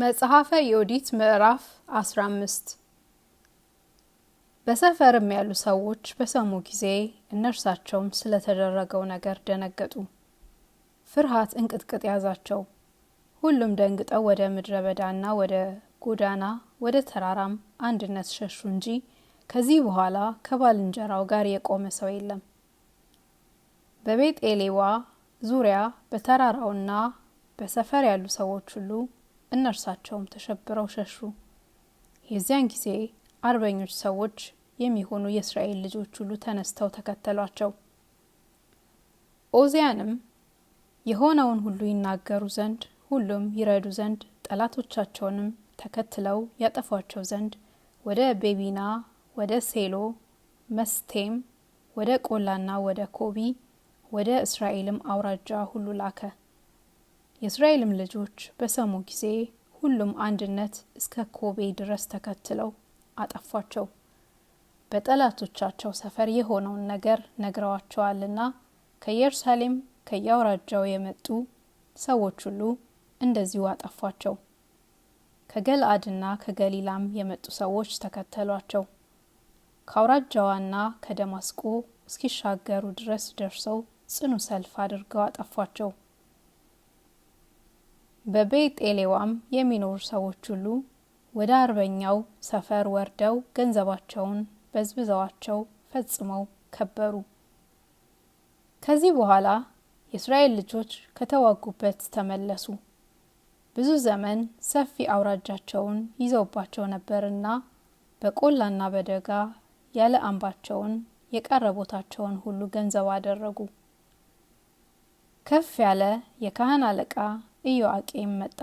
መጽሐፈ ዮዲት ምዕራፍ 15 በሰፈርም ያሉ ሰዎች በሰሙ ጊዜ እነርሳቸውም ስለተደረገው ነገር ደነገጡ፣ ፍርሃት እንቅጥቅጥ ያዛቸው። ሁሉም ደንግጠው ወደ ምድረ በዳና ወደ ጎዳና ወደ ተራራም አንድነት ሸሹ እንጂ ከዚህ በኋላ ከባልንጀራው ጋር የቆመ ሰው የለም። በቤት ኤሌዋ ዙሪያ በተራራውና በሰፈር ያሉ ሰዎች ሁሉ እነርሳቸውም ተሸብረው ሸሹ። የዚያን ጊዜ አርበኞች ሰዎች የሚሆኑ የእስራኤል ልጆች ሁሉ ተነስተው ተከተሏቸው። ኦዚያንም የሆነውን ሁሉ ይናገሩ ዘንድ ሁሉም ይረዱ ዘንድ ጠላቶቻቸውንም ተከትለው ያጠፏቸው ዘንድ ወደ ቤቢና፣ ወደ ሴሎ መስቴም፣ ወደ ቆላና ወደ ኮቢ፣ ወደ እስራኤልም አውራጃ ሁሉ ላከ። የእስራኤልም ልጆች በሰሙ ጊዜ ሁሉም አንድነት እስከ ኮቤ ድረስ ተከትለው አጠፏቸው። በጠላቶቻቸው ሰፈር የሆነውን ነገር ነግረዋቸዋልና ከኢየሩሳሌም ከየአውራጃው የመጡ ሰዎች ሁሉ እንደዚሁ አጠፏቸው። ከገልአድና ከገሊላም የመጡ ሰዎች ተከተሏቸው። ከአውራጃዋና ከደማስቆ እስኪሻገሩ ድረስ ደርሰው ጽኑ ሰልፍ አድርገው አጠፏቸው። በቤት ኤሌዋም የሚኖሩ ሰዎች ሁሉ ወደ አርበኛው ሰፈር ወርደው ገንዘባቸውን በዝብዘዋቸው ፈጽመው ከበሩ። ከዚህ በኋላ የእስራኤል ልጆች ከተዋጉበት ተመለሱ። ብዙ ዘመን ሰፊ አውራጃቸውን ይዘውባቸው ነበርና በቆላና በደጋ ያለ አምባቸውን የቀረ ቦታቸውን ሁሉ ገንዘብ አደረጉ። ከፍ ያለ የካህን አለቃ ኢዮአቄም መጣ።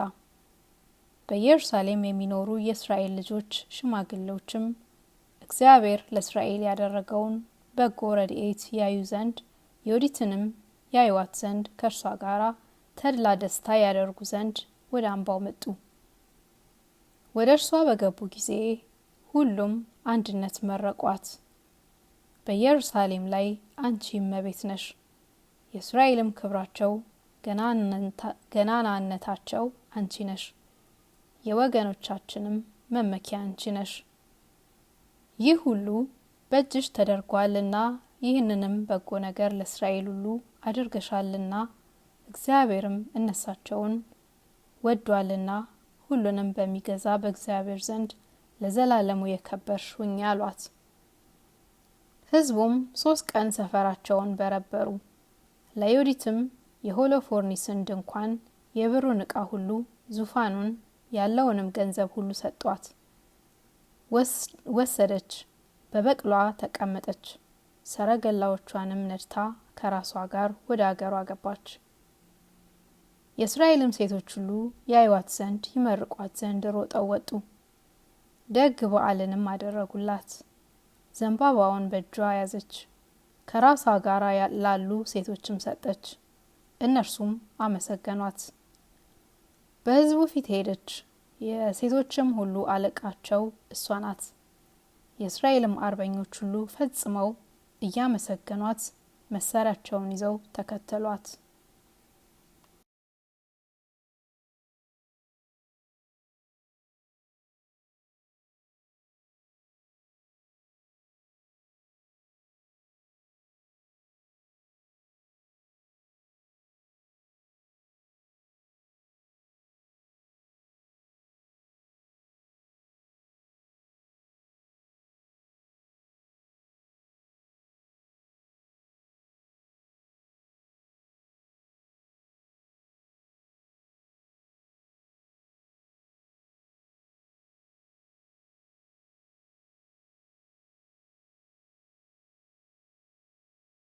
በኢየሩሳሌም የሚኖሩ የእስራኤል ልጆች ሽማግሌዎችም እግዚአብሔር ለእስራኤል ያደረገውን በጎ ረድኤት ያዩ ዘንድ ዮዲትንም ያዩዋት ዘንድ ከእርሷ ጋር ተድላ ደስታ ያደርጉ ዘንድ ወደ አምባው መጡ። ወደ እርሷ በገቡ ጊዜ ሁሉም አንድነት መረቋት። በኢየሩሳሌም ላይ አንቺ እመቤት ነሽ፣ የእስራኤልም ክብራቸው ገናናነታቸው አንቺ ነሽ፣ የወገኖቻችንም መመኪያ አንቺ ነሽ። ይህ ሁሉ በእጅሽ ተደርጓልና ይህንንም በጎ ነገር ለእስራኤል ሁሉ አድርገሻልና እግዚአብሔርም እነሳቸውን ወዷልና ሁሉንም በሚገዛ በእግዚአብሔር ዘንድ ለዘላለሙ የከበርሽ ሁኚ አሏት። ህዝቡም ሶስት ቀን ሰፈራቸውን በረበሩ። ለዮዲትም የሆሎፎርኒስን ድንኳን፣ የብሩን እቃ ሁሉ፣ ዙፋኑን፣ ያለውንም ገንዘብ ሁሉ ሰጧት። ወሰደች፣ በበቅሏ ተቀመጠች፣ ሰረገላዎቿንም ነድታ ከራሷ ጋር ወደ አገሯ ገባች። የእስራኤልም ሴቶች ሁሉ ያዩዋት ዘንድ ይመርቋት ዘንድ ሮጠው ወጡ። ደግ በዓልንም አደረጉላት። ዘንባባውን በእጇ ያዘች፣ ከራሷ ጋር ላሉ ሴቶችም ሰጠች። እነርሱም አመሰገኗት። በህዝቡ ፊት ሄደች። የሴቶችም ሁሉ አለቃቸው እሷ ናት። የእስራኤልም አርበኞች ሁሉ ፈጽመው እያመሰገኗት መሳሪያቸውን ይዘው ተከተሏት።